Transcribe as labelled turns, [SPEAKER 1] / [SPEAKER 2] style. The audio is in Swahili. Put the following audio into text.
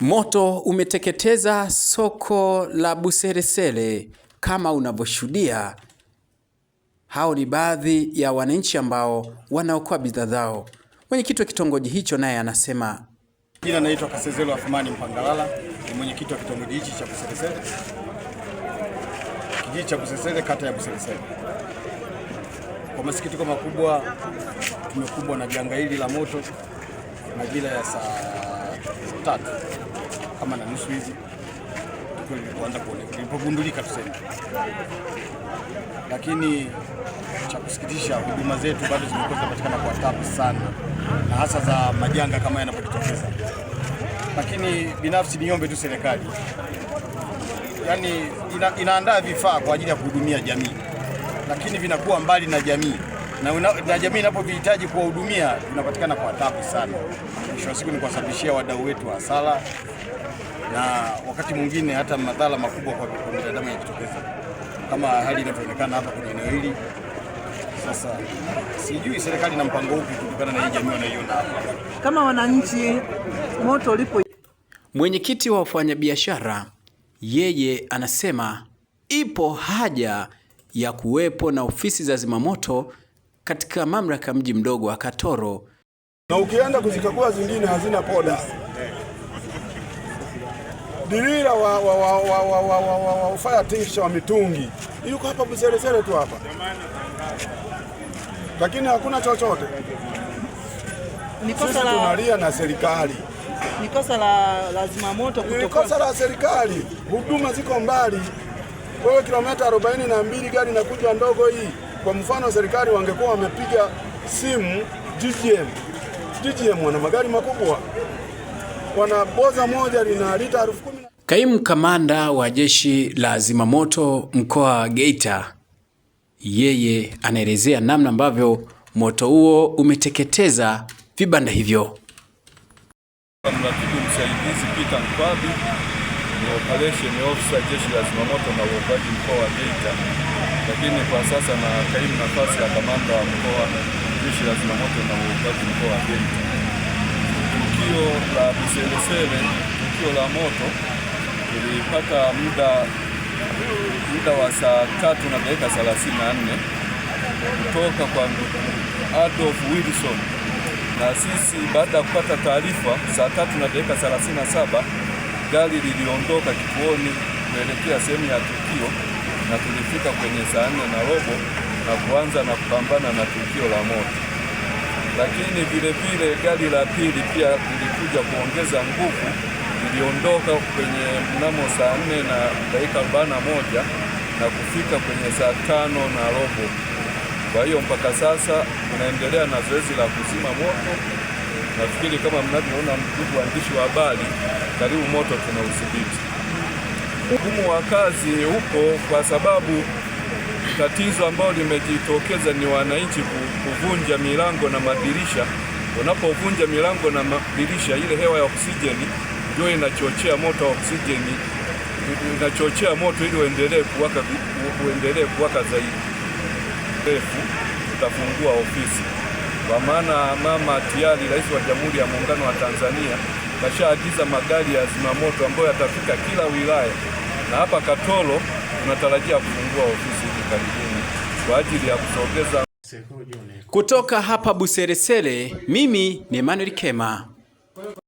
[SPEAKER 1] Moto umeteketeza soko la Buseresere kama unavyoshuhudia. Hao ni baadhi ya wananchi ambao wanaokoa bidhaa zao. Mwenyekiti wa kitongoji hicho naye anasema,
[SPEAKER 2] jina naitwa Kasezelo Athumani Mpangalala, ni mwenyekiti wa kitongoji hichi cha Buseresere, kijiji cha Buseresere, kata ya Buseresere. Kwa masikitiko makubwa, tumekumbwa na janga hili la moto majira ya saa tatu kama na nusu hizi tukio lilipoanza kuonekana, tuseme. Lakini cha kusikitisha, huduma zetu bado zimekuwa zinapatikana kwa tabu sana, na hasa za majanga kama yanapojitokeza. Lakini binafsi niombe tu serikali yani ina, inaandaa vifaa kwa ajili ya kuhudumia jamii, lakini vinakuwa mbali na jamii na, una, na jamii inapovihitaji kuwahudumia vinapatikana kwa tabu sana. Mwisho wa siku ni kuwasababishia wadau wetu hasara na wakati mwingine hata madhara makubwa kwa binadamu yanajitokeza kama hali inavyoonekana hapa kwenye eneo hili. Sasa sijui serikali na mpango upi kutokana na hii jamii wanaiona hapa
[SPEAKER 1] kama wananchi moto ulipo. Mwenyekiti wa wafanyabiashara yeye anasema ipo haja ya kuwepo na ofisi za zimamoto katika mamlaka mji mdogo wa Katoro,
[SPEAKER 3] na ukienda kuzikagua zingine hazina poda dirira wa wa wa wa wa wa wa wa wa fire extinguisher wa mitungi yuko hapa Buseresere tu hapa, lakini hakuna chochote. Sisi tunalia na serikali
[SPEAKER 1] ni kosa la, la zimamoto
[SPEAKER 3] kutoka. Ni kosa la serikali, huduma ziko mbali. Wewe kilomita arobaini na mbili gari inakuja ndogo hii. Kwa mfano, serikali wangekuwa wamepiga simu GGM. GGM wana magari makubwa boza moja lina lita elfu kumi.
[SPEAKER 1] Kaimu kamanda wa jeshi la zimamoto mkoa wa Geita, yeye anaelezea namna ambavyo moto huo umeteketeza vibanda hivyo.
[SPEAKER 4] Mratibu msaidizi Peter Nkwabi ni operation officer jeshi la zimamoto na uokoaji mkoa wa Geita, lakini kwa sasa na kaimu nafasi ya kamanda wa mkoa jeshi la zimamoto na uokoaji mkoa wa Geita tukio la Buselesele, tukio la moto, lilipata muda muda wa saa tatu na dakika 34 kutoka kwa Adolf Wilson, na sisi baada ya kupata taarifa saa tatu na dakika 37 gari liliondoka kituoni kuelekea sehemu ya tukio, na tulifika kwenye saa nne na robo na kuanza na kupambana na tukio la moto lakini vile vile gari la pili pia lilikuja kuongeza nguvu, liliondoka kwenye mnamo saa nne na dakika arobaini na moja na kufika kwenye saa tano na robo. Kwa hiyo mpaka sasa tunaendelea na zoezi la kuzima moto. Nafikiri kama mnavyoona, ndugu waandishi wa habari, karibu moto tunaudhibiti. Ugumu wa kazi upo kwa sababu tatizo ambalo limejitokeza ni wananchi kuvunja milango na madirisha. Unapovunja milango na madirisha, ile hewa ya oksijeni ndio inachochea moto wa oksijeni, inachochea moto ili uendelee kuwaka, uendelee kuwaka zaidi. Refu tutafungua ofisi kwa maana mama tayari Rais wa Jamhuri ya Muungano wa Tanzania kashaagiza magari ya zimamoto ambayo yatafika kila wilaya, na hapa Katoro tunatarajia kufungua ofisi karibuni kwa ajili ya kusogeza.
[SPEAKER 1] Kutoka hapa Buseresere, mimi ni Emmanuel Kema.